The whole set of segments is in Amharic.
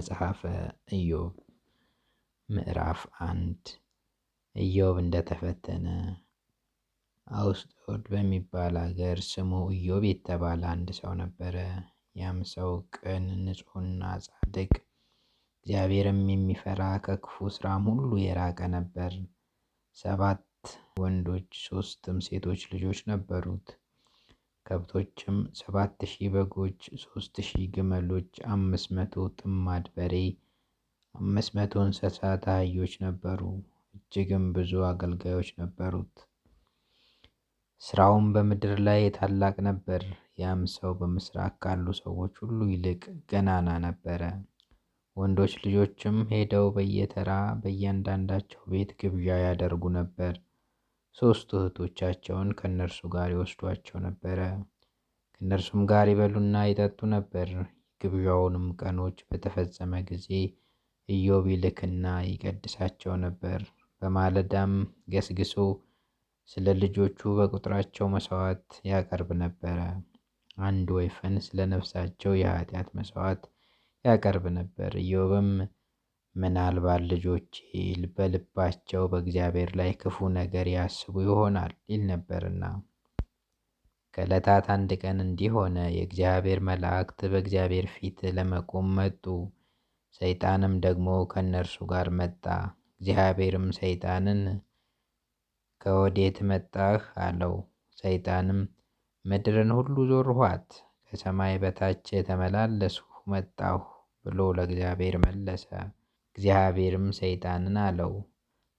መጽሐፈ ኢዮብ ምዕራፍ አንድ ኢዮብ እንደተፈተነ። አውስጦድ በሚባል አገር ስሙ ኢዮብ የተባለ አንድ ሰው ነበረ። ያም ሰው ቅን፣ ንጹሕና ጻድቅ እግዚአብሔርም የሚፈራ ከክፉ ስራም ሁሉ የራቀ ነበር። ሰባት ወንዶች ሶስትም ሴቶች ልጆች ነበሩት። ከብቶችም ሰባት ሺህ በጎች፣ ሶስት ሺህ ግመሎች፣ አምስት መቶ ጥማድ በሬ፣ አምስት መቶ እንስሳት አህዮች ነበሩ። እጅግም ብዙ አገልጋዮች ነበሩት። ስራውም በምድር ላይ ታላቅ ነበር። ያም ሰው በምስራቅ ካሉ ሰዎች ሁሉ ይልቅ ገናና ነበረ። ወንዶች ልጆችም ሄደው በየተራ በእያንዳንዳቸው ቤት ግብዣ ያደርጉ ነበር። ሶስት እህቶቻቸውን ከእነርሱ ጋር ይወስዷቸው ነበረ። ከእነርሱም ጋር ይበሉና ይጠጡ ነበር። ግብዣውንም ቀኖች በተፈጸመ ጊዜ ኢዮብ ይልክና ይቀድሳቸው ነበር። በማለዳም ገስግሶ ስለ ልጆቹ በቁጥራቸው መሥዋዕት ያቀርብ ነበረ። አንድ ወይፈን ስለ ነፍሳቸው የኃጢአት መሥዋዕት ያቀርብ ነበር። ኢዮብም ምናልባት ልጆቼ በልባቸው በእግዚአብሔር ላይ ክፉ ነገር ያስቡ ይሆናል ይል ነበርና። ከዕለታት አንድ ቀን እንዲህ ሆነ። የእግዚአብሔር መላእክት በእግዚአብሔር ፊት ለመቆም መጡ። ሰይጣንም ደግሞ ከእነርሱ ጋር መጣ። እግዚአብሔርም ሰይጣንን ከወዴት መጣህ አለው። ሰይጣንም ምድርን ሁሉ ዞርኋት፣ ከሰማይ በታች ተመላለስሁ መጣሁ ብሎ ለእግዚአብሔር መለሰ። እግዚአብሔርም ሰይጣንን አለው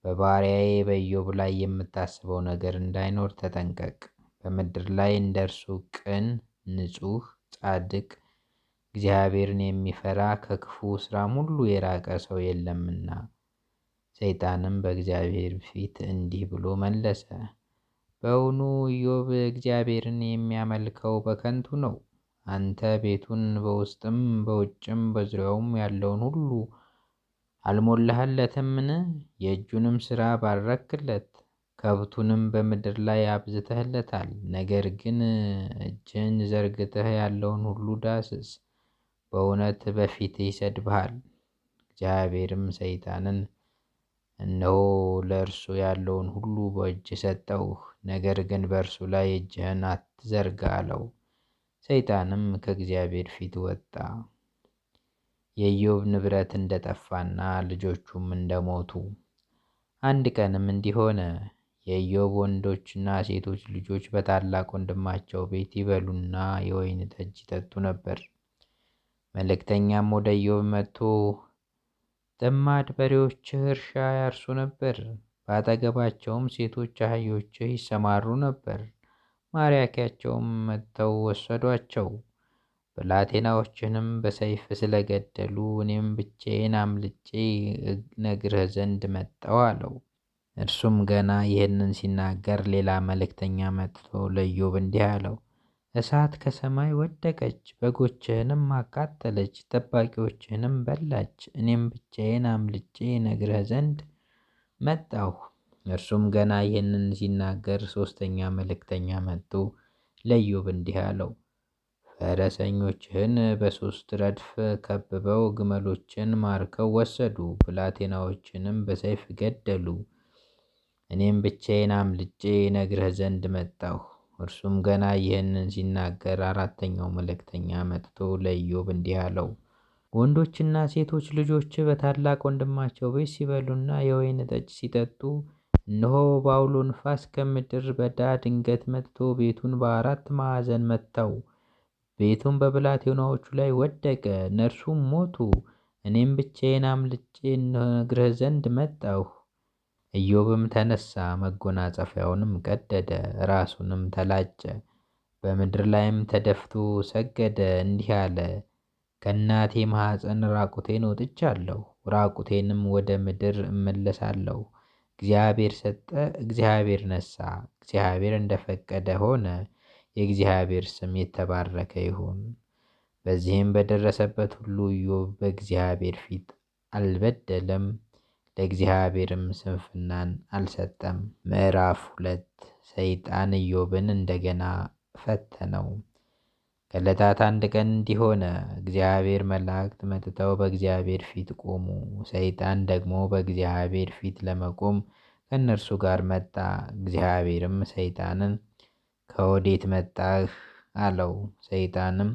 በባሪያዬ በኢዮብ ላይ የምታስበው ነገር እንዳይኖር ተጠንቀቅ። በምድር ላይ እንደ እርሱ ቅን፣ ንጹሕ፣ ጻድቅ፣ እግዚአብሔርን የሚፈራ ከክፉ ስራም ሁሉ የራቀ ሰው የለምና። ሰይጣንም በእግዚአብሔር ፊት እንዲህ ብሎ መለሰ፣ በውኑ ኢዮብ እግዚአብሔርን የሚያመልከው በከንቱ ነው። አንተ ቤቱን በውስጥም በውጭም በዙሪያውም ያለውን ሁሉ አልሞላህለትምን? የእጁንም ስራ ባረክለት ከብቱንም በምድር ላይ አብዝተህለታል። ነገር ግን እጅህን ዘርግተህ ያለውን ሁሉ ዳስስ፣ በእውነት በፊት ይሰድብሃል። እግዚአብሔርም ሰይጣንን እነሆ ለእርሱ ያለውን ሁሉ በእጅ ሰጠውህ፣ ነገር ግን በእርሱ ላይ እጅህን አትዘርጋ አለው። ሰይጣንም ከእግዚአብሔር ፊት ወጣ። የኢዮብ ንብረት እንደጠፋና ልጆቹም እንደሞቱ። አንድ ቀንም እንዲሆነ የኢዮብ ወንዶችና ሴቶች ልጆች በታላቅ ወንድማቸው ቤት ይበሉና የወይን ጠጅ ይጠጡ ነበር። መልእክተኛም ወደ ኢዮብ መጥቶ ጥማድ በሬዎችህ እርሻ ያርሱ ነበር፣ በአጠገባቸውም ሴቶች አህዮችህ ይሰማሩ ነበር፣ ማርያኪያቸውም መጥተው ወሰዷቸው ብላቴናዎችንም በሰይፍ ስለገደሉ እኔም ብቻዬን አምልጬ ነግርህ ዘንድ መጣው አለው። እርሱም ገና ይህንን ሲናገር ሌላ መልእክተኛ መጥቶ ለኢዮብ እንዲህ አለው፣ እሳት ከሰማይ ወደቀች፣ በጎችህንም አቃጠለች፣ ጠባቂዎችህንም በላች። እኔም ብቻዬን አምልጬ እነግርህ ዘንድ መጣሁ። እርሱም ገና ይህንን ሲናገር ሶስተኛ መልእክተኛ መጥቶ ለኢዮብ እንዲህ አለው ፈረሰኞችህን በሶስት ረድፍ ከብበው ግመሎችን ማርከው ወሰዱ ብላቴናዎችንም በሰይፍ ገደሉ። እኔም ብቻዬን አምልጬ ነግረህ ዘንድ መጣሁ። እርሱም ገና ይህንን ሲናገር አራተኛው መልእክተኛ መጥቶ ለኢዮብ እንዲህ አለው። ወንዶችና ሴቶች ልጆች በታላቅ ወንድማቸው ቤት ሲበሉና የወይን ጠጅ ሲጠጡ እነሆ በአውሎ ንፋስ ከምድር በዳ ድንገት መጥቶ ቤቱን በአራት ማዕዘን መታው። ቤቱም በብላቴናዎቹ ላይ ወደቀ፣ እነርሱም ሞቱ። እኔም ብቻዬን አምልጬ እነግርህ ዘንድ መጣሁ። ኢዮብም ተነሳ፣ መጎናጸፊያውንም ቀደደ፣ ራሱንም ተላጨ፣ በምድር ላይም ተደፍቶ ሰገደ፣ እንዲህ አለ። ከእናቴ ማኅፀን ራቁቴን ወጥቻለሁ፣ ራቁቴንም ወደ ምድር እመለሳለሁ። እግዚአብሔር ሰጠ፣ እግዚአብሔር ነሳ፣ እግዚአብሔር እንደፈቀደ ሆነ። የእግዚአብሔር ስም የተባረከ ይሁን። በዚህም በደረሰበት ሁሉ ኢዮብ በእግዚአብሔር ፊት አልበደለም፣ ለእግዚአብሔርም ስንፍናን አልሰጠም። ምዕራፍ ሁለት ሰይጣን ኢዮብን እንደገና ፈተነው። ከዕለታት አንድ ቀን እንዲሆነ እግዚአብሔር መላእክት መጥተው በእግዚአብሔር ፊት ቆሙ። ሰይጣን ደግሞ በእግዚአብሔር ፊት ለመቆም ከእነርሱ ጋር መጣ። እግዚአብሔርም ሰይጣንን ከወዴት መጣህ? አለው ሰይጣንም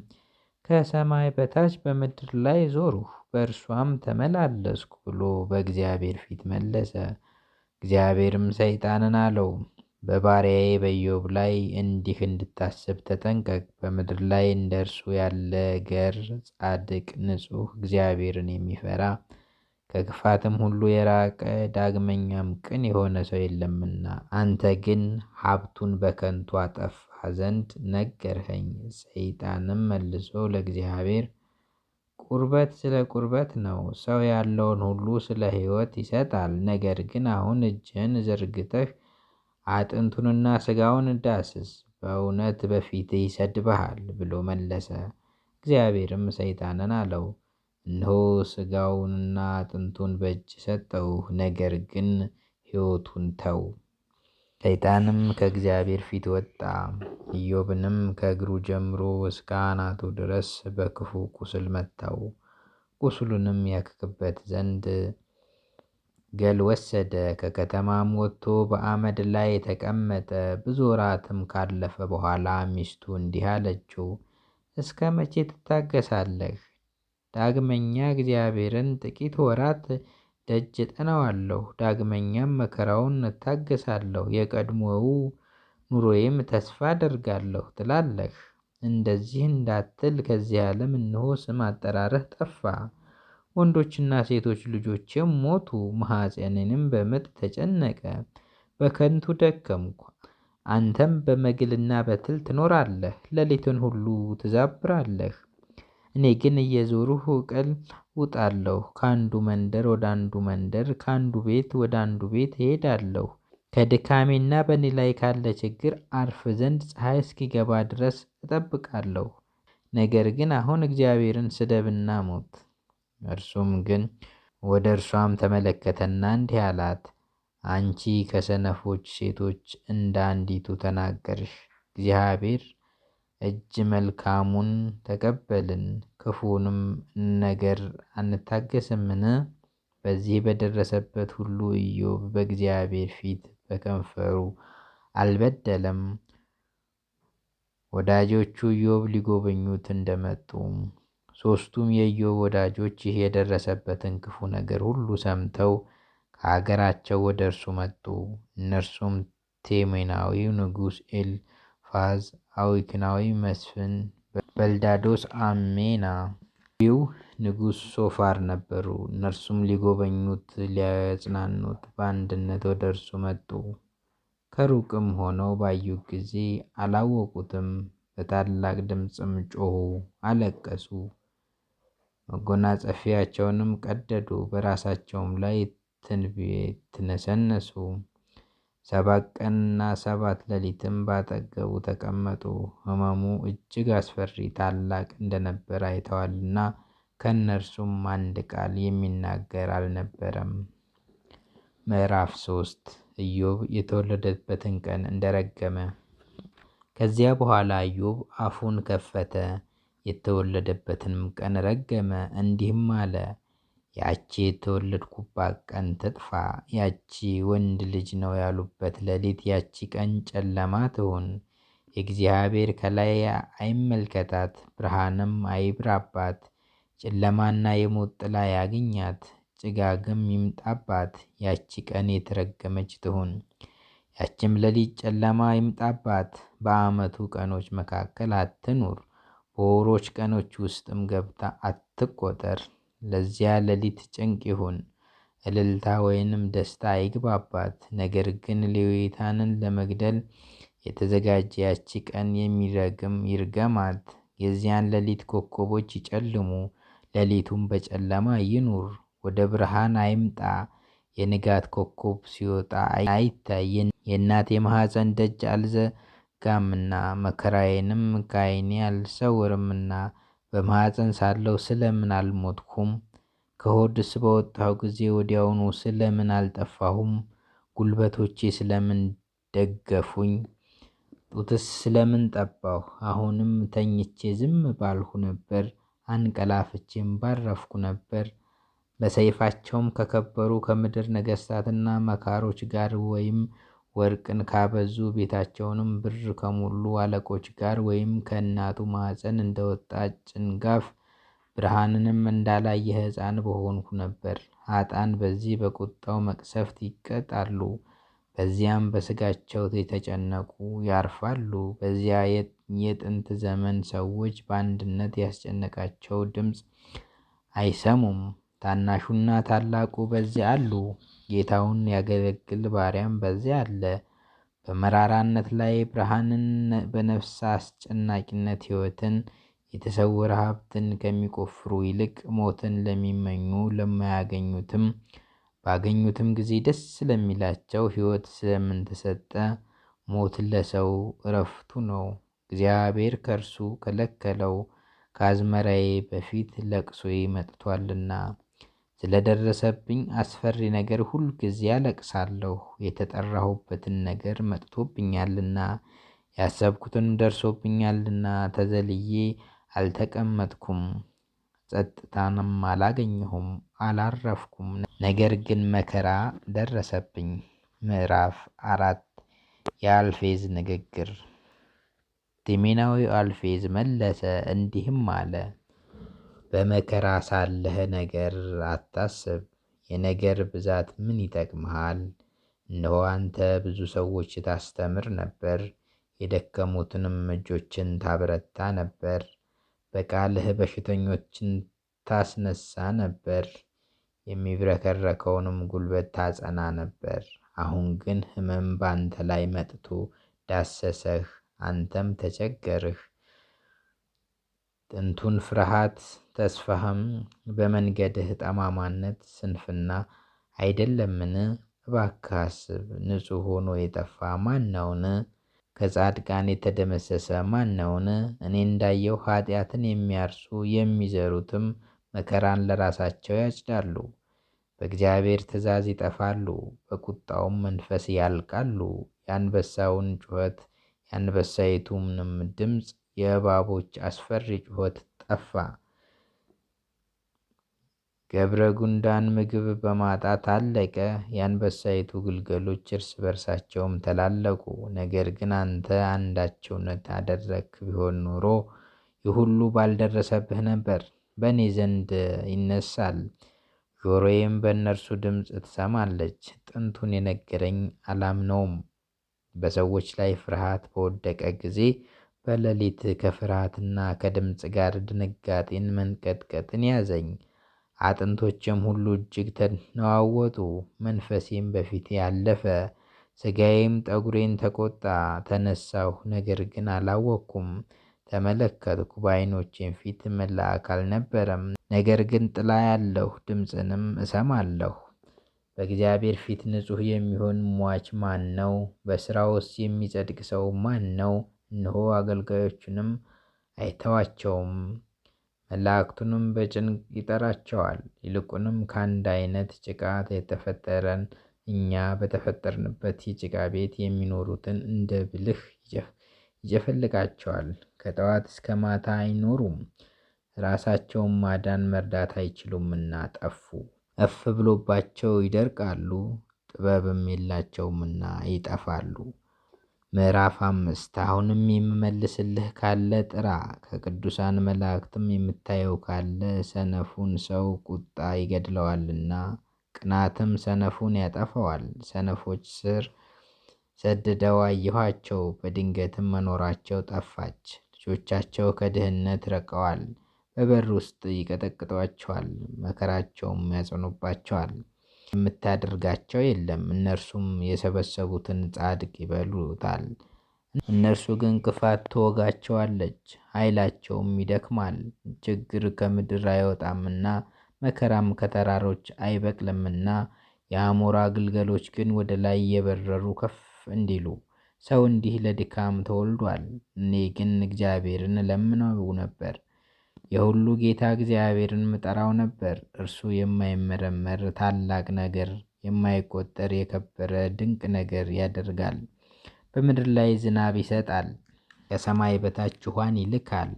ከሰማይ በታች በምድር ላይ ዞርሁ በእርሷም ተመላለስኩ ብሎ በእግዚአብሔር ፊት መለሰ። እግዚአብሔርም ሰይጣንን አለው በባሪያዬ በኢዮብ ላይ እንዲህ እንድታስብ ተጠንቀቅ። በምድር ላይ እንደ እርሱ ያለ ገር ጻድቅ፣ ንጹሕ፣ እግዚአብሔርን የሚፈራ ከክፋትም ሁሉ የራቀ ዳግመኛም ቅን የሆነ ሰው የለምና። አንተ ግን ሀብቱን በከንቱ አጠፋ ዘንድ ነገርኸኝ። ሰይጣንም መልሶ ለእግዚአብሔር ቁርበት ስለ ቁርበት ነው፣ ሰው ያለውን ሁሉ ስለ ሕይወት ይሰጣል። ነገር ግን አሁን እጅህን ዘርግተህ አጥንቱንና ስጋውን እዳስስ በእውነት በፊትህ ይሰድብሃል ብሎ መለሰ። እግዚአብሔርም ሰይጣንን አለው እነሆ ስጋውንና አጥንቱን በእጅ ሰጠው፣ ነገር ግን ሕይወቱን ተው። ሰይጣንም ከእግዚአብሔር ፊት ወጣ። ኢዮብንም ከእግሩ ጀምሮ እስከ አናቱ ድረስ በክፉ ቁስል መታው። ቁስሉንም ያክክበት ዘንድ ገል ወሰደ። ከከተማም ወጥቶ በአመድ ላይ ተቀመጠ። ብዙ ወራትም ካለፈ በኋላ ሚስቱ እንዲህ አለችው፣ እስከ መቼ ትታገሳለህ? ዳግመኛ እግዚአብሔርን ጥቂት ወራት ደጅ እጠናዋለሁ ዳግመኛም መከራውን እታገሳለሁ የቀድሞው ኑሮዬም ተስፋ አደርጋለሁ ትላለህ። እንደዚህ እንዳትል ከዚህ ዓለም እንሆ ስም አጠራረህ ጠፋ። ወንዶችና ሴቶች ልጆችም ሞቱ ማኅፀኔንም በምጥ ተጨነቀ። በከንቱ ደከምኩ። አንተም በመግልና በትል ትኖራለህ ሌሊትን ሁሉ ትዛብራለህ እኔ ግን እየዞሩሁ ቅል ውጣለሁ። ከአንዱ መንደር ወደ አንዱ መንደር ከአንዱ ቤት ወደ አንዱ ቤት እሄዳለሁ። ከድካሜና በእኔ ላይ ካለ ችግር አርፍ ዘንድ ፀሐይ እስኪገባ ድረስ እጠብቃለሁ። ነገር ግን አሁን እግዚአብሔርን ስደብና ሙት። እርሱም ግን ወደ እርሷም ተመለከተና እንዲህ አላት። አንቺ ከሰነፎች ሴቶች እንደ አንዲቱ ተናገርሽ። እግዚአብሔር እጅ መልካሙን ተቀበልን ክፉንም ነገር አንታገስምን? በዚህ በደረሰበት ሁሉ ኢዮብ በእግዚአብሔር ፊት በከንፈሩ አልበደለም። ወዳጆቹ ኢዮብ ሊጎበኙት እንደመጡ ሦስቱም የኢዮብ ወዳጆች ይህ የደረሰበትን ክፉ ነገር ሁሉ ሰምተው ከሀገራቸው ወደ እርሱ መጡ። እነርሱም ቴሜናዊው ንጉሥ ኤልፋዝ አዊክናዊ መስፍን፣ በልዳዶስ አሜና ዊው ንጉሥ ሶፋር ነበሩ። እነርሱም ሊጎበኙት ሊያጽናኑት በአንድነት ወደ እርሱ መጡ። ከሩቅም ሆነው ባዩ ጊዜ አላወቁትም። በታላቅ ድምፅም ጮሁ፣ አለቀሱ። መጎናጸፊያቸውንም ቀደዱ፣ በራሳቸውም ላይ ትንቢት ነሰነሱ። ሰባት ቀንና ሰባት ሌሊትም በአጠገቡ ተቀመጡ። ሕመሙ እጅግ አስፈሪ ታላቅ እንደነበር አይተዋልና ከእነርሱም አንድ ቃል የሚናገር አልነበረም። ምዕራፍ ሶስት ኢዮብ የተወለደበትን ቀን እንደረገመ። ከዚያ በኋላ ኢዮብ አፉን ከፈተ፣ የተወለደበትንም ቀን ረገመ፣ እንዲህም አለ፦ ያቺ የተወለድኩባት ቀን ትጥፋ ያቺ ወንድ ልጅ ነው ያሉበት ሌሊት ያቺ ቀን ጨለማ ትሁን። የእግዚአብሔር ከላይ አይመልከታት ብርሃንም አይብራባት። ጨለማና የሞት ጥላ ያግኛት ጭጋግም ይምጣባት ያቺ ቀን የተረገመች ትሁን። ያችም ሌሊት ጨለማ ይምጣባት በዓመቱ ቀኖች መካከል አትኑር። በወሮች ቀኖች ውስጥም ገብታ አትቆጠር። ለዚያ ሌሊት ጭንቅ ይሁን። እልልታ ወይንም ደስታ አይግባባት። ነገር ግን ሌዊታንን ለመግደል የተዘጋጀ ያቺ ቀን የሚረግም ይርገማት። የዚያን ሌሊት ኮከቦች ይጨልሙ፣ ሌሊቱም በጨለማ ይኑር፣ ወደ ብርሃን አይምጣ። የንጋት ኮከብ ሲወጣ አይታይ። የእናት ማኅፀን ደጅ አልዘጋምና መከራዬንም ከዓይኔ አልሰውርምና በማኅፀን ሳለው ስለምን አልሞትኩም? ከሆድስ በወጣሁ ጊዜ ወዲያውኑ ስለምን አልጠፋሁም? ጉልበቶቼ ስለምን ደገፉኝ? ጡትስ ስለምን ጠባሁ? አሁንም ተኝቼ ዝም ባልሁ ነበር፣ አንቀላፍቼም ባረፍኩ ነበር። በሰይፋቸውም ከከበሩ ከምድር ነገሥታትና መካሮች ጋር ወይም ወርቅን ካበዙ ቤታቸውንም ብር ከሞሉ አለቆች ጋር ወይም ከእናቱ ማኅፀን እንደወጣ ጭንጋፍ ብርሃንንም እንዳላየ ሕፃን በሆንኩ ነበር። ሀጣን በዚህ በቁጣው መቅሰፍት ይቀጣሉ፣ በዚያም በስጋቸው የተጨነቁ ያርፋሉ። በዚያ የጥንት ዘመን ሰዎች በአንድነት ያስጨነቃቸው ድምፅ አይሰሙም። ታናሹና ታላቁ በዚያ አሉ። ጌታውን ያገለግል ባሪያም በዚያ አለ። በመራራነት ላይ ብርሃንን በነፍስ አስጨናቂነት ሕይወትን የተሰወረ ሀብትን ከሚቆፍሩ ይልቅ ሞትን ለሚመኙ ለማያገኙትም ባገኙትም ጊዜ ደስ ለሚላቸው ሕይወት ስለምን ተሰጠ? ሞት ለሰው እረፍቱ ነው። እግዚአብሔር ከእርሱ ከለከለው፣ ከአዝመራዬ በፊት ለቅሶዬ መጥቷልና። ስለደረሰብኝ አስፈሪ ነገር ሁል ጊዜ አለቅሳለሁ የተጠራሁበትን ነገር መጥቶብኛልና ያሰብኩትን ደርሶብኛልና ተዘልዬ አልተቀመጥኩም። ጸጥታንም አላገኘሁም አላረፍኩም ነገር ግን መከራ ደረሰብኝ። ምዕራፍ አራት የአልፌዝ ንግግር። ቴሜናዊው አልፌዝ መለሰ እንዲህም አለ በመከራ ሳለህ ነገር አታስብ የነገር ብዛት ምን ይጠቅምሃል? እነሆ አንተ ብዙ ሰዎች ታስተምር ነበር የደከሙትንም እጆችን ታበረታ ነበር። በቃልህ በሽተኞችን ታስነሳ ነበር የሚብረከረከውንም ጉልበት ታጸና ነበር። አሁን ግን ሕመም በአንተ ላይ መጥቶ ዳሰሰህ አንተም ተቸገርህ። ጥንቱን ፍርሃት ተስፋህም በመንገድህ ጠማማነት ስንፍና አይደለምን? እባክህ አስብ ንጹሕ ሆኖ የጠፋ ማን ነውን? ከጻድቃን የተደመሰሰ ማን ነውን? እኔ እንዳየው ኃጢአትን የሚያርሱ የሚዘሩትም መከራን ለራሳቸው ያጭዳሉ። በእግዚአብሔር ትእዛዝ ይጠፋሉ፣ በቁጣውም መንፈስ ያልቃሉ። የአንበሳውን ጩኸት የአንበሳይቱንም ድምፅ የእባቦች አስፈሪ ጩኸት ጠፋ። ገብረ ጉንዳን ምግብ በማጣት አለቀ። የአንበሳይቱ ግልገሎች እርስ በርሳቸውም ተላለቁ። ነገር ግን አንተ አንዳቸውነት ታደረክ ቢሆን ኖሮ ይህ ሁሉ ባልደረሰብህ ነበር። በእኔ ዘንድ ይነሳል፣ ጆሮዬም በእነርሱ ድምፅ ትሰማለች። ጥንቱን የነገረኝ አላምነውም። በሰዎች ላይ ፍርሃት በወደቀ ጊዜ በሌሊት ከፍርሃትና ከድምጽ ጋር ድንጋጤን መንቀጥቀጥን ያዘኝ። አጥንቶቼም ሁሉ እጅግ ተነዋወጡ። መንፈሴም በፊት ያለፈ ስጋዬም ጠጉሬን ተቆጣ። ተነሳሁ፣ ነገር ግን አላወቅኩም። ተመለከትኩ፣ በዓይኖቼም ፊት መልአክ አልነበረም፣ ነገር ግን ጥላ ያለሁ ድምፅንም እሰማለሁ። በእግዚአብሔር ፊት ንጹሕ የሚሆን ሟች ማን ነው? በሥራውስ የሚጸድቅ ሰው ማን ነው? እነሆ አገልጋዮቹንም አይተዋቸውም። መላእክቱንም በጭንቅ ይጠራቸዋል። ይልቁንም ከአንድ አይነት ጭቃ የተፈጠረን እኛ በተፈጠርንበት የጭቃ ቤት የሚኖሩትን እንደ ብልህ ይጨፈልቃቸዋል። ከጠዋት እስከ ማታ አይኖሩም፣ ራሳቸውን ማዳን መርዳት አይችሉምና ጠፉ። እፍ ብሎባቸው ይደርቃሉ፣ ጥበብም የላቸውምና ይጠፋሉ። ምዕራፍ አምስት አሁንም የምመልስልህ ካለ ጥራ ከቅዱሳን መላእክትም የምታየው ካለ ሰነፉን ሰው ቁጣ ይገድለዋልና ቅናትም ሰነፉን ያጠፋዋል። ሰነፎች ስር ሰድደው አየኋቸው፣ በድንገትም መኖራቸው ጠፋች። ልጆቻቸው ከድህነት ረቀዋል። በበር ውስጥ ይቀጠቅጧቸዋል፣ መከራቸውም ያጸኑባቸዋል። የምታደርጋቸው የለም እነርሱም የሰበሰቡትን ጻድቅ ይበሉታል። እነርሱ ግን ክፋት ትወጋቸዋለች፣ ኃይላቸውም ይደክማል። ችግር ከምድር አይወጣምና መከራም ከተራሮች አይበቅልምና የአሞራ ግልገሎች ግን ወደ ላይ የበረሩ ከፍ እንዲሉ ሰው እንዲህ ለድካም ተወልዷል። እኔ ግን እግዚአብሔርን ለምነው ነበር የሁሉ ጌታ እግዚአብሔርን ምጠራው ነበር። እርሱ የማይመረመር ታላቅ ነገር የማይቆጠር የከበረ ድንቅ ነገር ያደርጋል። በምድር ላይ ዝናብ ይሰጣል፣ ከሰማይ በታች ውሃን ይልካል።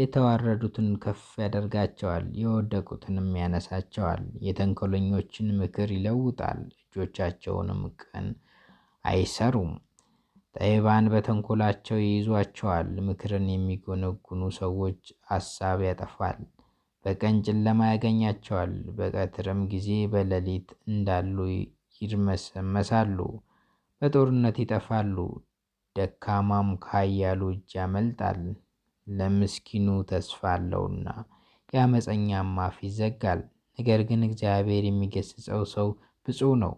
የተዋረዱትን ከፍ ያደርጋቸዋል፣ የወደቁትንም ያነሳቸዋል። የተንኮለኞችን ምክር ይለውጣል፣ እጆቻቸውንም ቀን አይሰሩም። ጠይባን በተንኮላቸው ይይዟቸዋል። ምክርን የሚጎነጉኑ ሰዎች አሳብ ያጠፋል። በቀን ጨለማ ያገኛቸዋል። በቀትርም ጊዜ በሌሊት እንዳሉ ይርመሰመሳሉ። በጦርነት ይጠፋሉ። ደካማም ካያሉ እጅ ያመልጣል። ለምስኪኑ ተስፋ አለውና የአመፀኛም አፍ ይዘጋል። ነገር ግን እግዚአብሔር የሚገስጸው ሰው ብፁ ነው።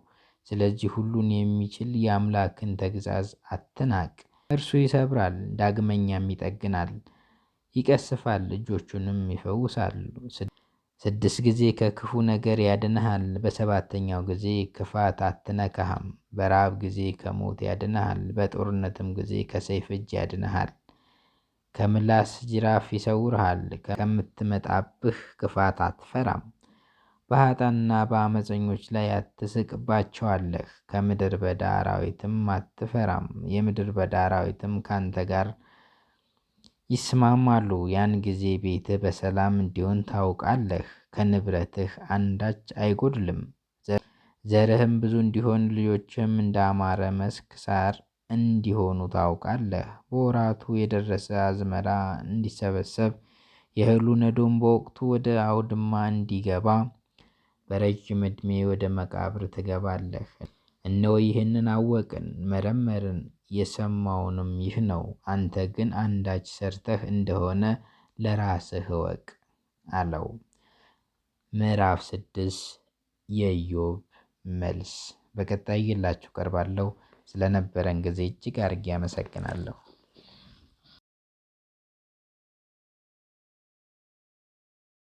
ስለዚህ ሁሉን የሚችል የአምላክን ተግዛዝ አትናቅ። እርሱ ይሰብራል ዳግመኛም ይጠግናል፣ ይቀስፋል እጆቹንም ይፈውሳል። ስድስት ጊዜ ከክፉ ነገር ያድንሃል፣ በሰባተኛው ጊዜ ክፋት አትነካህም። በራብ ጊዜ ከሞት ያድንሃል፣ በጦርነትም ጊዜ ከሰይፍ እጅ ያድንሃል። ከምላስ ጅራፍ ይሰውርሃል፣ ከምትመጣብህ ክፋት አትፈራም። በኃጥአንና በአመፀኞች ላይ አትስቅባቸዋለህ ከምድር በዳ አራዊትም አትፈራም። የምድር በዳ አራዊትም ካንተ ጋር ይስማማሉ። ያን ጊዜ ቤትህ በሰላም እንዲሆን ታውቃለህ። ከንብረትህ አንዳች አይጎድልም። ዘርህም ብዙ እንዲሆን ልጆችህም እንዳማረ መስክ ሳር እንዲሆኑ ታውቃለህ። በወራቱ የደረሰ አዝመራ እንዲሰበሰብ የእህሉ ነዶም በወቅቱ ወደ አውድማ እንዲገባ በረጅም ዕድሜ ወደ መቃብር ትገባለህ። እነሆ ይህንን አወቅን መረመርን የሰማውንም ይህ ነው። አንተ ግን አንዳች ሰርተህ እንደሆነ ለራስህ እወቅ አለው። ምዕራፍ ስድስት የኢዮብ መልስ በቀጣይ ይላችሁ ቀርባለሁ። ስለነበረን ጊዜ እጅግ አድርጌ አመሰግናለሁ።